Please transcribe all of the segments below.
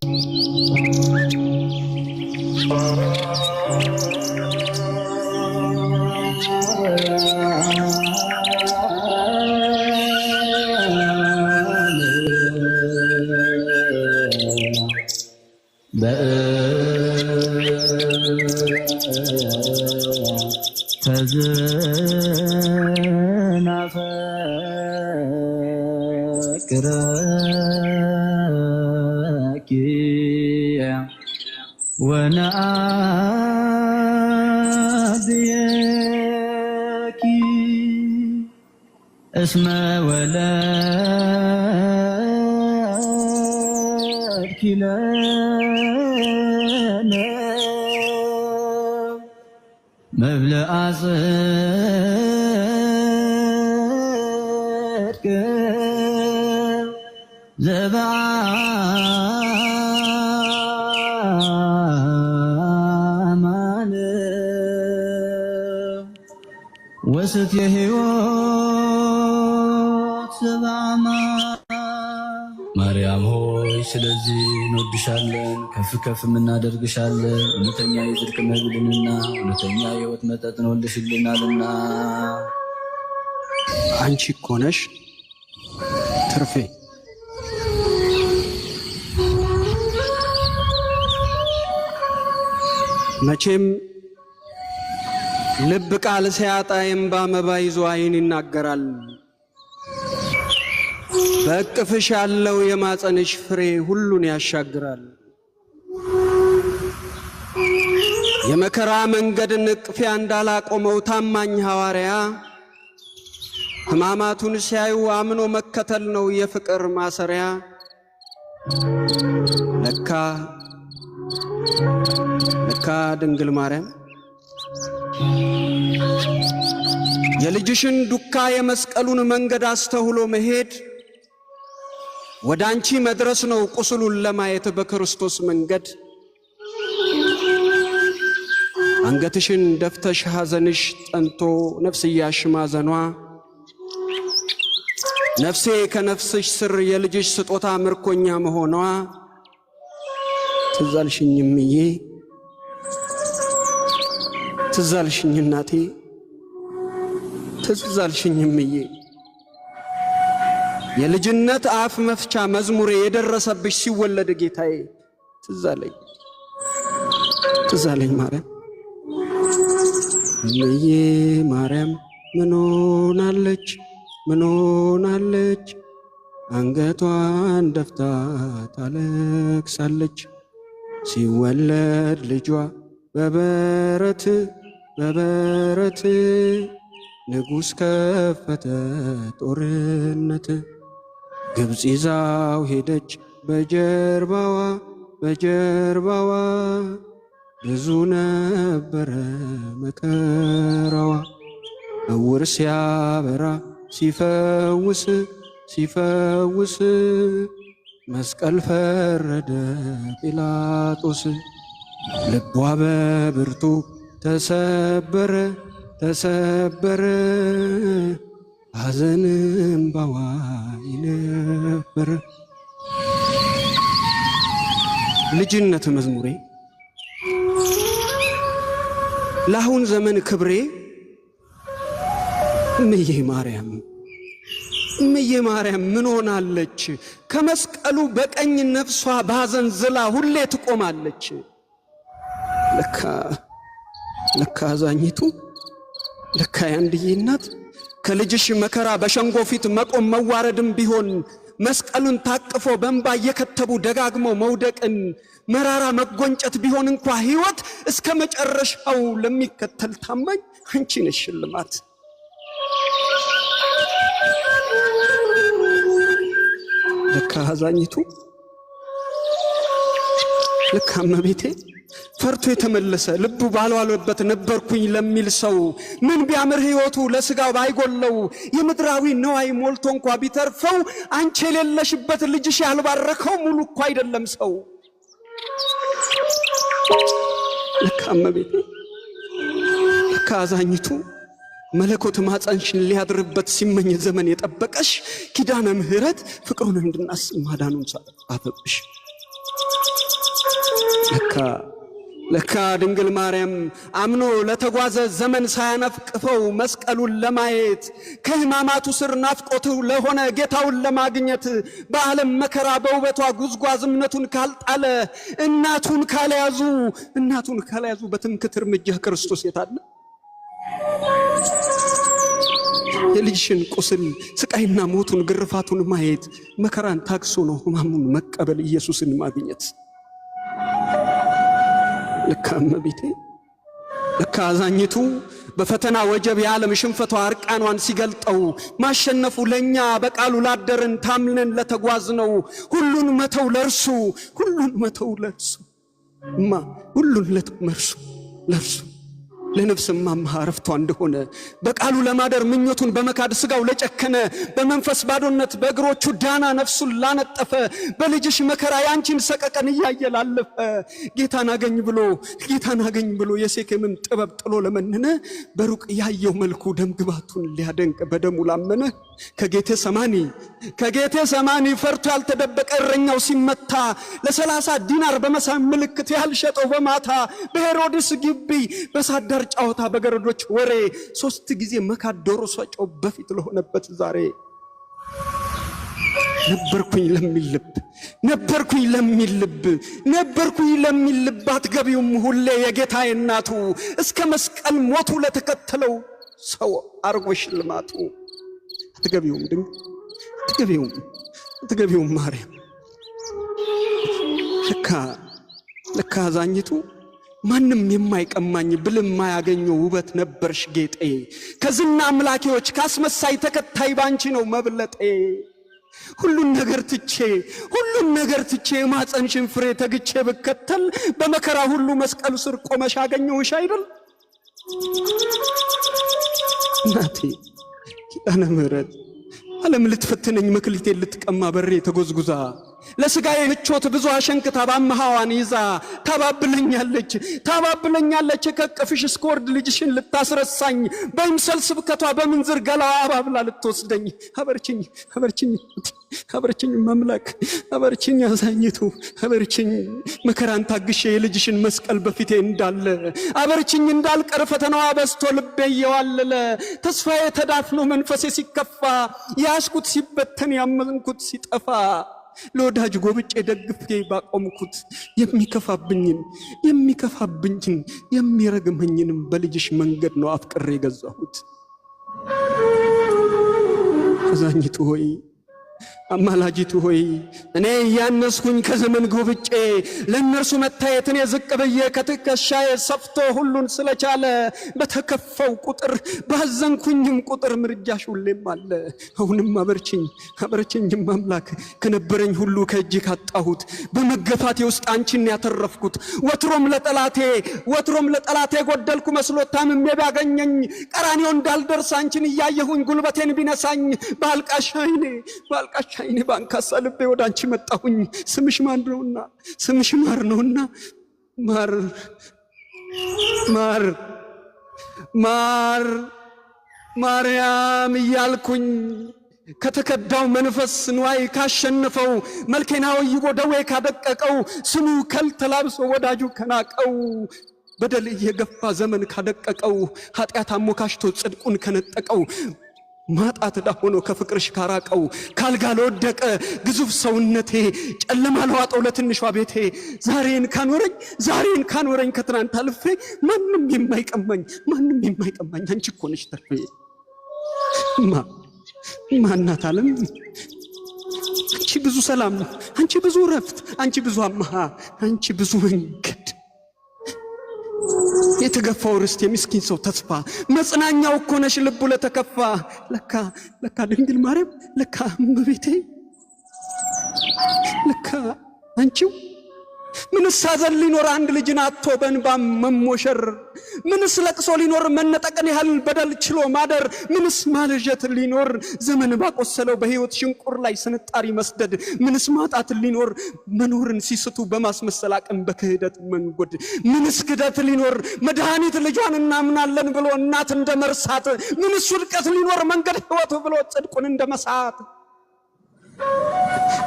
Thank you. وناديك اسمع ولا كلانا مبلغ صدق زبعان ወስት የሕይወት ዘባማ ማርያም ሆይ ስለዚህ እንወድሻለን፣ ከፍ ከፍ የምናደርግሻለን። እውነተኛ የጽድቅ መብልንና እውነተኛ የሕይወት መጠጥ እንወልሽልናልና አንቺ እኮ ነሽ ትርፌ መቼም ልብ ቃል ሲያጣ የምባ መባ ይዞ አይን ይናገራል። በእቅፍሽ ያለው የማጸንሽ ፍሬ ሁሉን ያሻግራል። የመከራ መንገድ ንቅፊያ እንዳላቆመው ታማኝ ሐዋርያ ሕማማቱን ሲያዩ አምኖ መከተል ነው የፍቅር ማሰሪያ። ለካ ለካ ድንግል ማርያም የልጅሽን ዱካ የመስቀሉን መንገድ አስተውሎ መሄድ ወደ አንቺ መድረስ ነው ቁስሉን ለማየት በክርስቶስ መንገድ። አንገትሽን ደፍተሽ ሐዘንሽ ጠንቶ ነፍስያሽ ማዘኗ ነፍሴ ከነፍስሽ ስር የልጅሽ ስጦታ ምርኮኛ መሆኗ ትዛልሽኝም እዬ ትዛልሽኝ እናቴ ትዛልሽኝ እምዬ የልጅነት አፍ መፍቻ መዝሙሬ የደረሰብሽ ሲወለድ ጌታዬ ትዛለኝ ትዛለኝ ማርያም እምዬ ማርያም ምንሆናለች ምንሆናለች አንገቷን ደፍታ ታለቅሳለች ሲወለድ ልጇ በበረት በበረት ንጉሥ ከፈተ ጦርነት ግብፅ ይዛው ሄደች በጀርባዋ በጀርባዋ ብዙ ነበረ መከራዋ እውር ሲያበራ ሲፈውስ ሲፈውስ መስቀል ፈረደ ጲላጦስ ልቧ በብርቱ ተሰበረ ተሰበረ ሐዘንም በዋይ ነበረ። ልጅነት መዝሙሬ ለአሁን ዘመን ክብሬ እምዬ ማርያም እምዬ ማርያም ምን ሆናለች? ከመስቀሉ በቀኝ ነፍሷ ባዘን ዝላ ሁሌ ትቆማለች። ለካ ለካ አዛኝቱ ለካ ያንድዬ እናት ከልጅሽ መከራ በሸንጎ ፊት መቆም መዋረድም ቢሆን መስቀሉን ታቅፎ በእንባ እየከተቡ ደጋግሞ መውደቅን መራራ መጎንጨት ቢሆን እንኳ ሕይወት እስከ መጨረሻው ለሚከተል ታማኝ አንቺ ነሽ ሽልማት። ለካ አዛኝቱ ልክ እመቤቴ ፈርቶ የተመለሰ ልቡ ባልዋለበት ነበርኩኝ ለሚል ሰው ምን ቢያምር ሕይወቱ ለስጋው ባይጎለው የምድራዊ ነዋይ ሞልቶ እንኳ ቢተርፈው አንቺ የሌለሽበት ልጅሽ ያልባረከው ሙሉ እኮ አይደለም ሰው። ልክ እመቤቴ ልክ አዛኝቱ መለኮት ማፀንሽን ሊያድርበት ሲመኝ ዘመን የጠበቀሽ ኪዳነ ምሕረት ፍቅሩን እንድናስብ ማዳኑን አበብሽ። ለካ ለካ ድንግል ማርያም አምኖ ለተጓዘ ዘመን ሳያነፍቅፈው መስቀሉን ለማየት ከሕማማቱ ስር ናፍቆቱ ለሆነ ጌታውን ለማግኘት በዓለም መከራ በውበቷ ጉዝጓዝ እምነቱን ካልጣለ እናቱን ካልያዙ እናቱን ካልያዙ በትምክት እርምጃ ክርስቶስ የታለ? የልጅሽን ቁስል ስቃይና ሞቱን ግርፋቱን ማየት መከራን ታግሶ ነው ሕማሙን መቀበል ኢየሱስን ማግኘት። ለካ እመቤቴ ለካ አዛኝቱ በፈተና ወጀብ የዓለም ሽንፈቷ እርቃኗን ሲገልጠው ማሸነፉ ለእኛ በቃሉ ላደርን ታምነን ለተጓዝ ነው። ሁሉን መተው ለእርሱ ሁሉን መተው ለእርሱ እማ ሁሉን ለእርሱ ለእርሱ ለነፍስም ማማ እረፍቷ እንደሆነ በቃሉ ለማደር ምኞቱን በመካድ ስጋው ለጨከነ በመንፈስ ባዶነት በእግሮቹ ዳና ነፍሱን ላነጠፈ በልጅሽ መከራ ያንቺን ሰቀቀን እያየ ላለፈ ጌታን አገኝ ብሎ ጌታን አገኝ ብሎ የሴኬምን ጥበብ ጥሎ ለመነነ በሩቅ ያየው መልኩ ደምግባቱን ሊያደንቅ በደሙ ላመነ ከጌቴ ሰማኒ ከጌቴ ሰማኒ ፈርቶ ያልተደበቀ እረኛው ሲመታ ለሰላሳ ዲናር በመሳም ምልክት ያልሸጠው በማታ በሄሮድስ ግቢ በሳዳር በሳር ጨዋታ በገረዶች ወሬ ሶስት ጊዜ መካት ዶሮ ሰጨው በፊት ለሆነበት ዛሬ ነበርኩኝ ለሚል ልብ ነበርኩኝ ለሚል ልብ ነበርኩኝ ለሚል ልብ አትገቢውም ሁሌ የጌታ እናቱ እስከ መስቀል ሞቱ ለተከተለው ሰው አርጎ ሽልማቱ አትገቢውም ድንግ አትገቢውም አትገቢውም ማርያም ለካ ለካ አዛኝቱ ማንም የማይቀማኝ ብል የማያገኘው ውበት ነበርሽ ጌጤ። ከዝና አምላኪዎች ከአስመሳይ ተከታይ ባንቺ ነው መብለጤ። ሁሉን ነገር ትቼ ሁሉን ነገር ትቼ የማፀን ሽንፍሬ ተግቼ ብከተል በመከራ ሁሉ መስቀሉ ስር ቆመሽ አገኘሁሽ አይደል እናቴ ኪዳነ ምሕረት ዓለም ልትፈትነኝ መክሊቴን ልትቀማ በሬ ተጎዝጉዛ ለስጋዬ ምቾት ብዙ አሸንክታ ባመሃዋን ይዛ ታባብለኛለች ታባብለኛለች ከቅፍሽ እስክወርድ ልጅሽን ልታስረሳኝ በይምሰል ስብከቷ በምንዝር ገላዋ አባብላ ልትወስደኝ። አበርችኝ አበርችኝ አበርችኝ መምላክ አበርችኝ አዛኝቱ አበርችኝ መከራን ታግሼ የልጅሽን መስቀል በፊቴ እንዳለ አበርችኝ እንዳልቀር ፈተናዋ በዝቶ ልቤ እየዋለለ ተስፋዬ ተዳፍኖ መንፈሴ ሲከፋ ያስኩት ሲበተን ያመንኩት ሲጠፋ ለወዳጅ ጎብጬ ደግፌ ባቆምኩት የሚከፋብኝን የሚከፋብኝን የሚረግመኝንም በልጅሽ መንገድ ነው አፍቅሬ የገዛሁት። አዛኝቱ ሆይ አማላጅቱ ሆይ እኔ እያነስኩኝ ከዘመን ጎብጬ ለእነርሱ መታየት እኔ ዝቅ ብዬ ከትከሻዬ ሰፍቶ ሁሉን ስለቻለ በተከፈው ቁጥር ባዘንኩኝም ቁጥር ምርጃሽ ሁሌም አለ። አሁንም አበርችኝ አበርችኝም አምላክ ከነበረኝ ሁሉ ከእጅ ካጣሁት በመገፋቴ ውስጥ አንቺን ያተረፍኩት ወትሮም ለጠላቴ ወትሮም ለጠላቴ ጎደልኩ መስሎት ታምሜ ቢያገኘኝ ቀራኔው እንዳልደርስ አንቺን እያየሁኝ ጉልበቴን ቢነሳኝ ባልቃሽ አይኔ ባልቃሽ አይኔ በአንካሳ ልቤ ወደ አንቺ መጣሁኝ። ስምሽ ማን ነውና ስምሽ ማር ነውና ማር ማር ማር ማርያም እያልኩኝ ከተከዳው መንፈስ ንዋይ ካሸነፈው መልኬን አወይቦ ደዌ ካደቀቀው ስሙ ከል ተላብሶ ወዳጁ ከናቀው በደል የገፋ ዘመን ካደቀቀው ኃጢአት አሞካሽቶ ጽድቁን ከነጠቀው ማጣት ዕዳ ሆኖ ከፍቅርሽ ካራቀው ካልጋ ለወደቀ ግዙፍ ሰውነቴ ጨለማ ለዋጠው ለትንሿ ቤቴ ዛሬን ካኖረኝ ዛሬን ካኖረኝ ከትናንት አልፌ ማንም የማይቀማኝ ማንም የማይቀማኝ አንቺ እኮ ነሽ ተርፌ ማ ማናት አለም አንቺ ብዙ ሰላም አንቺ ብዙ ረፍት አንቺ ብዙ አማሃ አንቺ ብዙ መንገድ የተገፋው ርስት የምስኪን ሰው ተስፋ መጽናኛው እኮ ነሽ ልቡ ለተከፋ። ለካ ለካ ድንግል ማርያም ለካ እመቤቴ ለካ አንቺው ምንስ ሐዘን ሊኖር አንድ ልጅን አጥቶ በእንባም መሞሸር? ምንስ ለቅሶ ሊኖር መነጠቅን ያህል በደል ችሎ ማደር? ምንስ ማለጀት ሊኖር ዘመን ባቆሰለው በሕይወት ሽንቁር ላይ ስንጣሪ መስደድ? ምንስ ማጣት ሊኖር መኖርን ሲስቱ በማስመሰል አቅም በክህደት መንጎድ? ምንስ ክደት ሊኖር መድኃኒት ልጇን እናምናለን ብሎ እናት እንደ መርሳት? ምንስ ውድቀት ሊኖር መንገድ ሕይወቱ ብሎ ጽድቁን እንደ መሳት?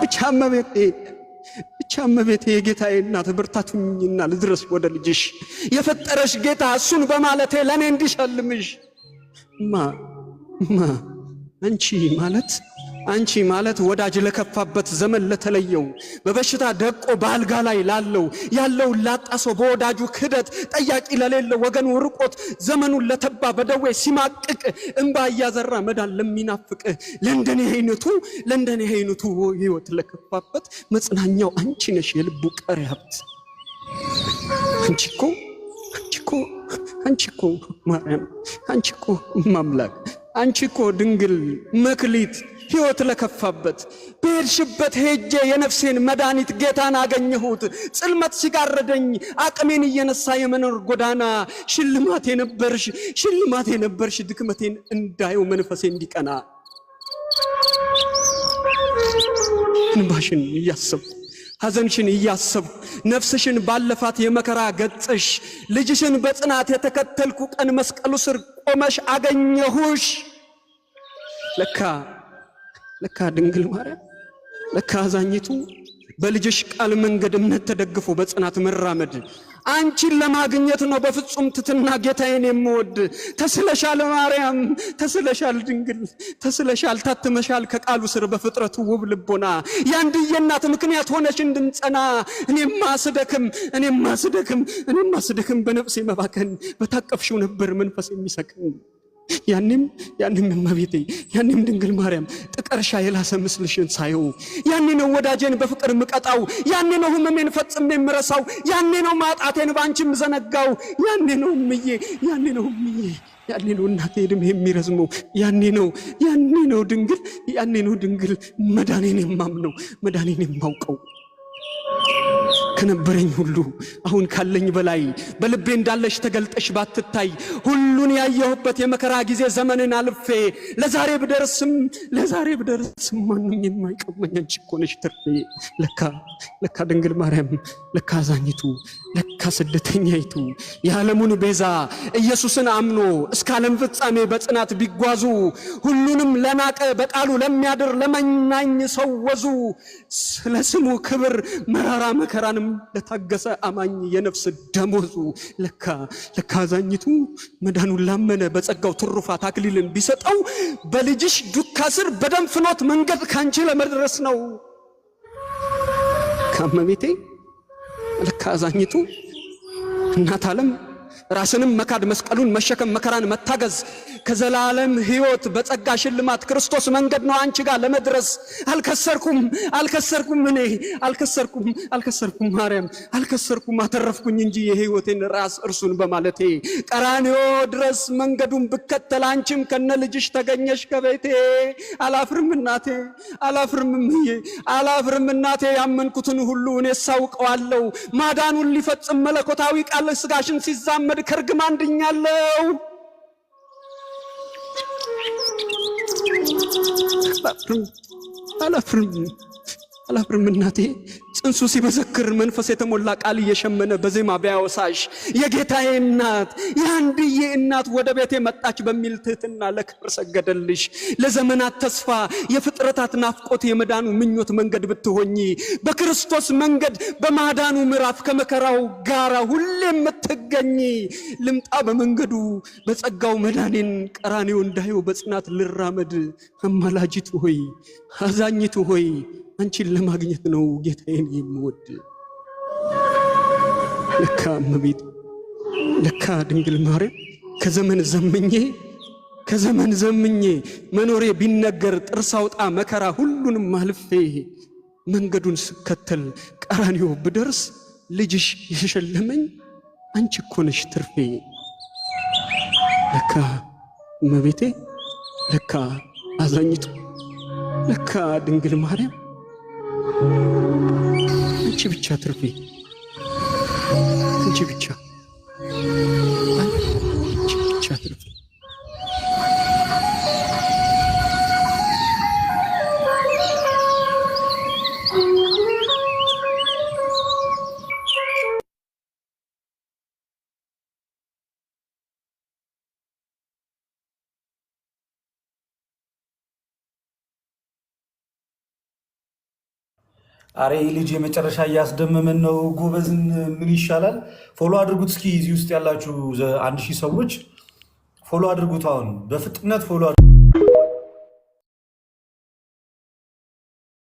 ብቻ እመቤቴ ብቻ እመቤቴ የጌታዬ እናት ብርታቱኝና ልድረስ ወደ ልጅሽ የፈጠረሽ ጌታ እሱን በማለቴ ለእኔ እንዲሸልምሽ። ማ ማ አንቺ ማለት አንቺ ማለት ወዳጅ ለከፋበት ዘመን ለተለየው በበሽታ ደቆ በአልጋ ላይ ላለው ያለውን ላጣ ሰው በወዳጁ ክህደት ጠያቂ ለሌለው ወገኑ ርቆት ዘመኑን ለተባ በደዌ ሲማቅቅ እንባ እያዘራ መዳን ለሚናፍቅ ለእንደኔ አይነቱ ለእንደኔ አይነቱ ህይወት ለከፋበት መጽናኛው አንቺ ነሽ የልቡ ቀሪ ሀብት። አንቺ እኮ አንቺ እኮ አንቺ እኮ ማርያም አንቺ እኮ ማምላክ አንቺ እኮ ድንግል መክሊት ሕይወት ለከፋበት በሄድሽበት ሄጄ የነፍሴን መድኃኒት ጌታን አገኘሁት። ጽልመት ሲጋረደኝ አቅሜን እየነሳ የመኖር ጎዳና ሽልማቴ የነበርሽ ሽልማቴ ነበርሽ። ድክመቴን እንዳየው መንፈሴ እንዲቀና እንባሽን እያሰብኩ ሐዘንሽን እያሰብኩ ነፍስሽን ባለፋት የመከራ ገጽሽ ልጅሽን በጽናት የተከተልኩ ቀን መስቀሉ ስር ቆመሽ አገኘሁሽ ለካ ለካ ድንግል ማርያም ለካ አዛኝቱ በልጅሽ ቃል መንገድ እምነት ተደግፎ በጽናት መራመድ አንቺን ለማግኘት ነው። በፍጹም ትትና ጌታዬን የምወድ ተስለሻል፣ ማርያም ተስለሻል፣ ድንግል ተስለሻል፣ ታትመሻል ከቃሉ ስር በፍጥረቱ ውብ ልቦና የአንድዬ እናት ምክንያት ሆነሽ እንድንጸና እኔማ ስደክም እኔማ ስደክም እኔማ ስደክም በነፍሴ መባከን በታቀፍሽው ነበር መንፈስ የሚሰክን ያንም ያንም እመቤቴ ያንም ድንግል ማርያም ጥቀርሻ የላሰ ምስልሽን ሳየው ያኔ ነው ወዳጄን በፍቅር ምቀጣው፣ ያኔ ነው ህመሜን ፈጽሜ የምረሳው፣ ያኔ ነው ማጣቴን ባንቺም ዘነጋው፣ ያኔ ነው እምዬ፣ ያኔ ነው እምዬ፣ ያኔ ነው እናቴ ዕድሜ የሚረዝመው፣ ያኔ ነው ያኔ ነው ድንግል፣ ያኔ ነው ድንግል መዳኔን የማምነው መዳኔን የማውቀው። ከነበረኝ ሁሉ አሁን ካለኝ በላይ በልቤ እንዳለሽ ተገልጠሽ ባትታይ ሁሉን ያየሁበት የመከራ ጊዜ ዘመንን አልፌ ለዛሬ ብደርስም ለዛሬ ብደርስም ማንም የማይቀመኝ አንቺ እኮ ነሽ ትርፌ። ለካ ለካ ድንግል ማርያም፣ ለካ አዛኝቱ፣ ለካ ስደተኛይቱ የዓለሙን ቤዛ ኢየሱስን አምኖ እስከ ዓለም ፍጻሜ በጽናት ቢጓዙ ሁሉንም ለናቀ በቃሉ ለሚያድር ለመናኝ ሰው ወዙ ስለ ስሙ ክብር መራራ መከራን ለዓለም ለታገሰ አማኝ የነፍስ ደሞዙ ለካ ለካ አዛኝቱ መዳኑን ላመነ በጸጋው ትሩፋት አክሊልን ቢሰጠው በልጅሽ ዱካ ስር በደም ፍኖት መንገድ ካንቺ ለመድረስ ነው። ካመቤቴ ለካ አዛኝቱ እናት ዓለም ራስንም መካድ መስቀሉን መሸከም መከራን መታገዝ ከዘላለም ሕይወት በጸጋ ሽልማት ክርስቶስ መንገድ ነው አንቺ ጋር ለመድረስ። አልከሰርኩም፣ አልከሰርኩም፣ እኔ አልከሰርኩም፣ አልከሰርኩም፣ ማርያም አልከሰርኩም፣ አተረፍኩኝ እንጂ የሕይወቴን ራስ እርሱን በማለቴ ቀራንዮ ድረስ መንገዱን ብከተል አንቺም ከነ ልጅሽ ተገኘሽ ከቤቴ። አላፍርም እናቴ፣ አላፍርም እምዬ፣ አላፍርም እናቴ። ያመንኩትን ሁሉ እኔ ሳውቀዋለሁ። ማዳኑን ሊፈጽም መለኮታዊ ቃል ስጋሽን ሲዛመድ መሐመድ ከእርግማን ድኛለሁ። አላፍርም አላፍርም አላፍርም እናቴ ጽንሱ ሲመሰክር መንፈስ የተሞላ ቃል እየሸመነ በዜማ ቢያወሳሽ የጌታዬ እናት የአንድዬ እናት ወደ ቤቴ መጣች በሚል ትህትና ለክብር ሰገደልሽ። ለዘመናት ተስፋ የፍጥረታት ናፍቆት የመዳኑ ምኞት መንገድ ብትሆኚ በክርስቶስ መንገድ በማዳኑ ምዕራፍ ከመከራው ጋራ ሁሌ የምትገኝ ልምጣ በመንገዱ በጸጋው መዳኔን ቀራኔው እንዳየው በጽናት ልራመድ አማላጅት ሆይ አዛኝቱ ሆይ አንቺን ለማግኘት ነው ጌታዬን የምወድ። ለካ እመቤት ለካ ድንግል ማርያም ከዘመን ዘምኜ ከዘመን ዘምኜ መኖሬ ቢነገር ጥርስ አውጣ መከራ ሁሉንም አልፌ መንገዱን ስከተል ቀራኒዮ ብደርስ ልጅሽ የሸለመኝ አንቺ እኮ ነሽ ትርፌ። ለካ እመቤቴ ለካ አዛኝቱ ለካ ድንግል ማርያም Тычевича, тропи. Тычевича. አሬ ልጅ የመጨረሻ እያስደመመን ነው። ጎበዝን ምን ይሻላል? ፎሎ አድርጉት እስኪ እዚህ ውስጥ ያላችሁ አንድ ሺህ ሰዎች ፎሎ አድርጉት። አሁን በፍጥነት ፎሎ አድርጉት።